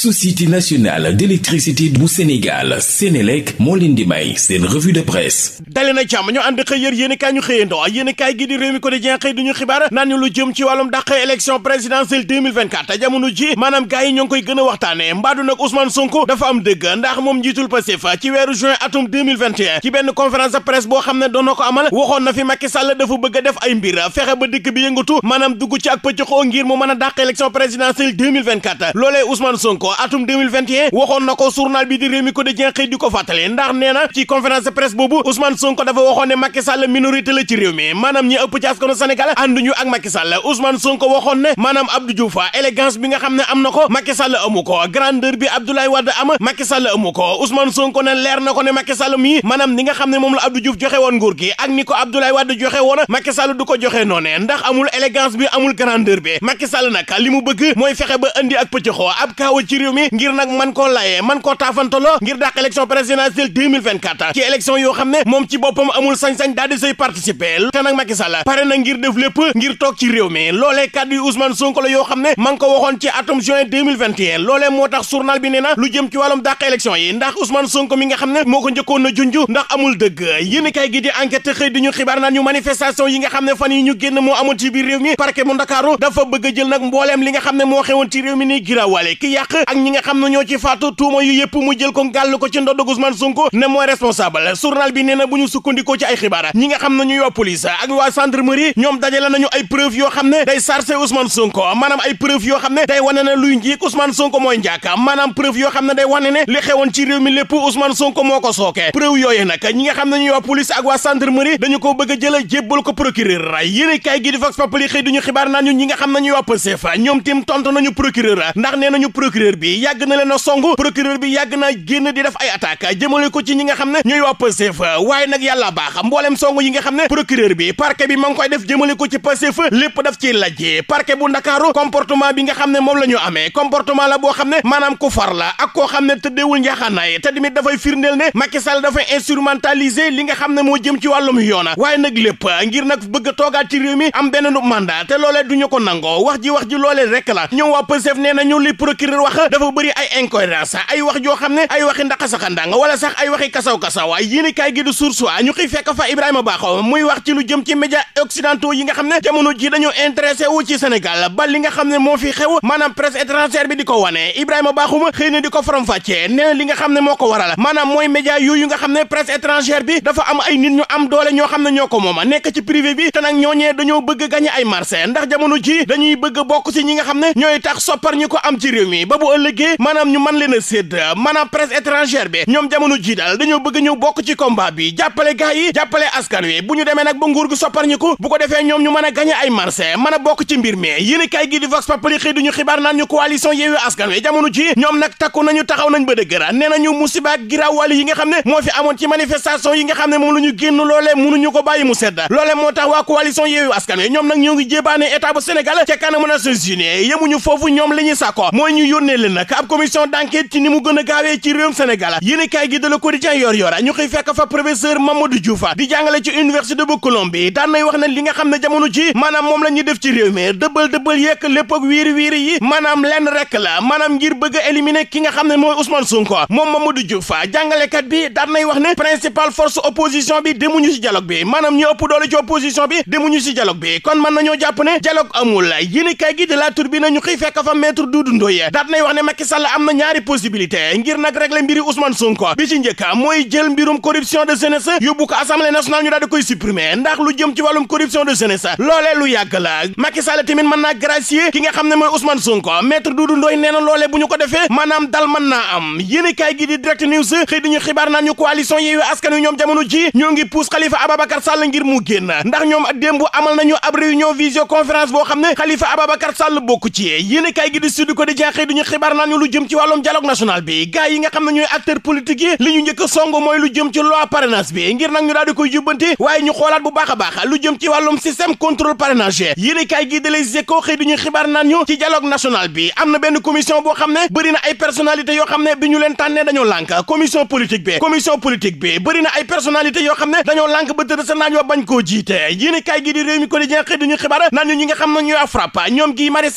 société nationale d'électricité bu Sénégal Sénélec moo leen di may de presse dali na jàmm ñu ànd xëy yër yéen i kaay ñu xëyandoo yéen i kaay gi di réew mi quotidien xëy duñu xibaar naan ñu lu jëm ci wàllum dàq élection présidentielle 2024 jamono ji maanaam gars yi a atum ci benn conférence de presse boo xam ne doon ko amal waxoon na fi Macky Sall dafa bëgg a def ay mbir fexe ba dëkk bi yëngatu maanaam dugg ci ak pëccëxoo ngir mu mën a dàq élection présidentielle 2024 loolee Ousmane Sonko ko atum 2021 waxoon na ko journal bi di Rewmi Quotidien xëy di ko fàttale ndax nee ci conférence de presse boobu Ousmane Sonko dafa waxoon ne Macky Sall minorité la ci réew mi maanaam ñi ëpp ci askanu Sénégal ànduñu ak Macky Sall Ousmane Sonko waxoon ne maanaam Abdou Diouf élégance bi nga xam ne am na ko Macky Sall amu ko grandeur bi Abdoulaye Wade am Macky Sall amu ko Ousmane Sonko ne leer na ko ne Macky Sall mii maanaam ni nga xam ne moom la Abdou Diouf joxe woon ngu gi ak ni joxe woon Macky Sall du ko joxe noone ndax amul élégance bi amul grandeur bi Macky Sall nag li mu bëgg mooy fexe ba indi ak pëccëxoo ab réew mi ngir nag man koo layee man koo taafantaloo ngir dàq élection présidentielle 2024 ci élection yoo xam ne moom ci boppam amul sañ-sañ daal di say te nag Macky Sall pare na ngir def lépp ngir toog ci réew mi loolee kàddu yu Ousmane Sonko la yoo xam ne ma ko waxoon ci atum loolee moo tax journal bi nee na lu jëm ci wàllum dàq élection yi ndax Ousmane Sonko mi nga xam ne moo ko njëkkoon na junj ndax amul dëgg yéen kay gi di enquête xëy di ne ak ñi nga xam ne ñoo ci faatu tuuma yu yëpp mu jël ko gàll ko ci ndodd Ousmane Sonko ne mooy responsable journal bi nee na bu ñu sukkandikoo ci ay xibaar ñi nga xam ne ñuy waa police ak waa gendarmerie ñoom dajale nañu yoo xam ne day sarse Ousmane Sonko maanaam ay yoo xam ne day wane ne luy njiig Ousmane Sonko mooy njaaka maanaam preuve xam ne day wane ne li xewoon ci réew mi lépp Ousmane Sonko ko sooke preuve yooyu nga xam ne ñuy waa police ak waa gendarmerie dañu ko bëgg a jël jébbal ko procureur yéen kay gi di Vox Populi xëy duñu xibaar naan ñi nga xam ne ñuy waa Pastef ñoom tim tontu nañu procureur ndax nee nañu procureur bi yàgg na leen a song procureur bi yàgg naa génn di def ay attaque jëmale ci ñi nga xam ne ñooy waa Pastef waaye nag yàlla baax mbooleem song yi nga xam ne procureur bi parquet bi ma koy def jëmale ci Pastef lépp daf ci lajjee parquet bu Ndakaaru comportement bi nga xam ne moom la ñu amee comportement la boo xam ne maanaam ku la ak koo xam ne tëddeewul njaxanaay te tamit dafay firndeel ne Macky dafay instrumentaliser li nga xam ne moo jëm ci wàllum yoona waaye nag lépp ngir nag bëgg a toogaat ci réew mi am benn mandat te loolee dafa bëri ay incohérence ay wax joo xam ne ay waxi ndaxasaxandang wala sax ay waxi kasaw-kasaw yéene kaay gi du source ñu xëy fekk fa Ibrahima Bakhaw muy wax ci lu jëm ci média occidentaux yi nga xam ne jamono ji dañoo intéressé wu ci Sénégal ba li nga xam ne moo fi xew maanaam presse étrangère bi di ko wane Ibrahima Bakhaw ma xëy na di ko faram fàccee nee li nga xam ne moo ko waral maanaam mooy média yooyu nga xam ne presse étrangère bi dafa am ay nit ñu am doole ñoo xam ne ñoo ko mooma nekk ci privé bi te ñoo ñee dañoo bëgg gagné ay marché ndax jamono ji dañuy bëgg bokk ci nga xam ne ñooy tax soppar ñi ko am ci réew ëllëgee maanaam ñu man leen a sédd maanaam presse étrangère bi ñoom jamono ji daal dañoo bëgg ñëw bokk ci combat bi jàppale gars yi jàppale askan wi bu ñu demee nag ba nguur gu soppar ñi defee ñoom ñu mën a gañe ay marché mën a bokk ci mbir mi yéen kay gi di vox populi xëy duñu xibaar naan ñu coalition yeewu askan wi jamono ji ñoom nag takku nañu taxaw nañ ba dëggëra nee nañu musiba ak giraawwàll yi nga xam ne moo fi amoon ci manifestation yi nga xam ne moo tax waa coalition yeewu askan wi ñoom nag ñoo ngi jébaane état foofu ñoom li ñuy sàkko mooy ñu leen nag ab commission d'enquête ci ni mu gën a gaawee ci réewum Sénégal yéen kaay gi de Le Quotidien yor yora ñu koy fekk fa professeur Mamadou Diouf di jàngale ci université bu Colombie daan nay wax ne li nga xam ne jamono ji maanaam moom la ñuy def ci réew mi dëbbal dëbbal yekk lépp wiiri wiiri yi maanaam lenn rek la maanaam ngir bëgg a ki nga xam ne mooy Ousmane Sonko moom Mamadou Diouf jàngalekat bi daan nay bi demuñu ci dialogue bi maanaam ñu bi de La ñu koy fekk wax ne Macky Sall am na ñaari possibilité ngir nag régler mbiri Ousmane Sonko bi ci njëkk mooy jël mbirum corruption de jeunesse yóbbu ko assemblée nationale ñu daal koy supprimer ndax lu jëm ci wàllum corruption de jeunesse lu yàgg la Macky Sall tamit mën naa gracier ki nga xam ne mooy Ousmane Sonko maître Doudou Ndoye nee na loolee bu ñu ko defee maanaam dal mën naa am yéene kaay gi di direct news xëy diñu xibaar ñu coalition Yewwi Askan Wi ñoom jamono ji ñoo ngi pousse Khalifa ab xibaar naan ñu lu jëm ci wàllum dialogue national bi gars yi nga xam ne ñooy acteur politique yi li ñu njëkk a song mooy lu jëm ci loi parrainage bi ngir nag ñu daal koy jubbanti waaye ñu xoolaat bu baax a baax lu jëm ci wàllum système contrôle parrainage yéene kaay gii da lay zeko xëy di ñu xibaar naan ñu ci dialogue national bi am na benn commission boo xam ne bëri na ay personnalité yoo xam ne bi ñu leen tànnee dañoo lànk commission politique bi commission politique bi bëri na ay personnalité yoo xam ne dañoo lànk ba tëdd sa naaj wa bañ koo jiite yéene kaay gii di réew nga xam ne ñooy frappe ñoom gii Mari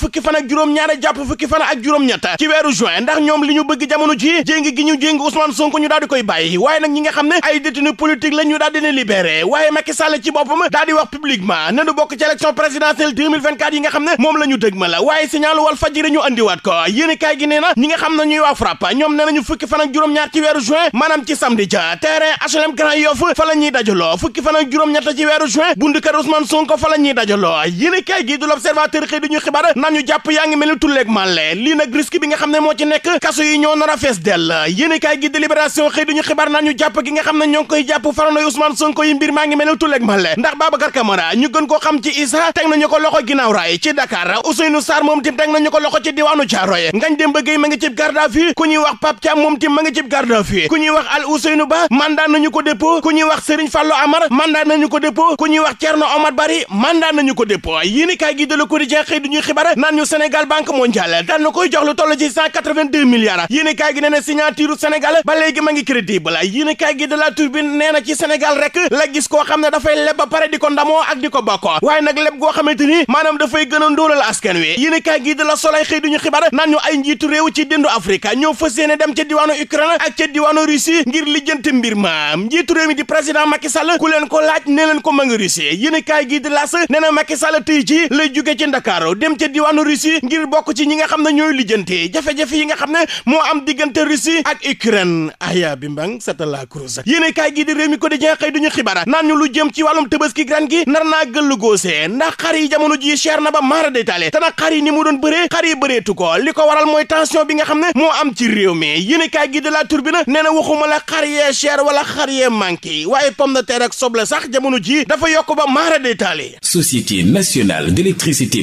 mi fukki fan ak juróom-ñaar jàpp fukki fan ak juróom-ñett ci weeru juin ndax ñoom li ñu bëgg jamono ji jéngi gi ñu jéngi Ousmane Sonko ñu daal koy bàyyi waaye nag ñi nga xam ne ay détenu politique la ñu daal di waaye Macky Sall ci boppam daal wax publiquement ne du bokk ci élection présidentielle yi nga xam ne moom la ñu ma la waaye signalu Walf Fadjri ñu ko yéen kaay gi nee na ñi nga xam ne waa FRAPP ñoom nee nañu fukki fan juróom-ñaar ci weeru juin maanaam ci samedi H&M di jàpp yaa ngi mel ni tulleeg lii nag risque bi nga xam ne moo ci nekk kaso yi ñoo nar a fees dell yéen gi délibération xëy duñu xibaar naan ñu jàpp gi nga xam ne ñoo koy jàpp faranoy Ousmane Sonko yi mbir maa ngi mel ni tulleeg màlle ndax Babacar Camara ñu gën koo xam ci Issa teg nañu ko loxo ginnaaw raay ci Dakar Ousseynou Sarr moom tim teg nañu ko loxo ci diwaanu Thiaroye ngañ dem bëggey ma ngi cib garde à ku ñuy wax Pape Thiam moom tim ma ngi cib ñu Sénégal banque mondiale daan na koy jox lu toll ci 182 milliards yéene kaay gi nee na signature Sénégal ba léegi ma ngi crédible yéene kaay gi de la turbine nee ci Sénégal rek la gis koo xam dafay leb ba pare di ko ndamoo ak di ko bokk waaye nag leb goo xamante ni maanaam dafay gën a ndóolal askan wi yéene kaay gi de la Soleil xëy duñu xibaar ay njiitu ci dindu Afrique ñoo fas dem ca diwaanu Ukraine ak ca diwaanu Russie ngir ma njiitu réew ko laaj nee leen ma nga gi la nee na Macky Sall tey ji Russie ngir bokk ci ñi nga xam ne ñooy lijjante jafe-jafe yi nga xam ne moo am diggante Russie ak Ukraine aya bi sa sata la Cruz yéene kaay gii di réew mi ko di jeex xëy duñu xibaar naan ñu lu jëm ci wàllum ki gran gi nar naa gëllu góosee ndax xar yi jamono ji cher na ba maara détaillé te nag xar yi ni mu doon bëree xar yi bëreetu ko li ko waral mooy tension bi nga xam ne moo am ci réew mi yéene kaay gii di la turbine nee na waxuma la xar yee cher wala xar yee manqué waaye pomme de terre ak soble sax jamono ji dafa yokk ba maara détaillé société nationale d'électricité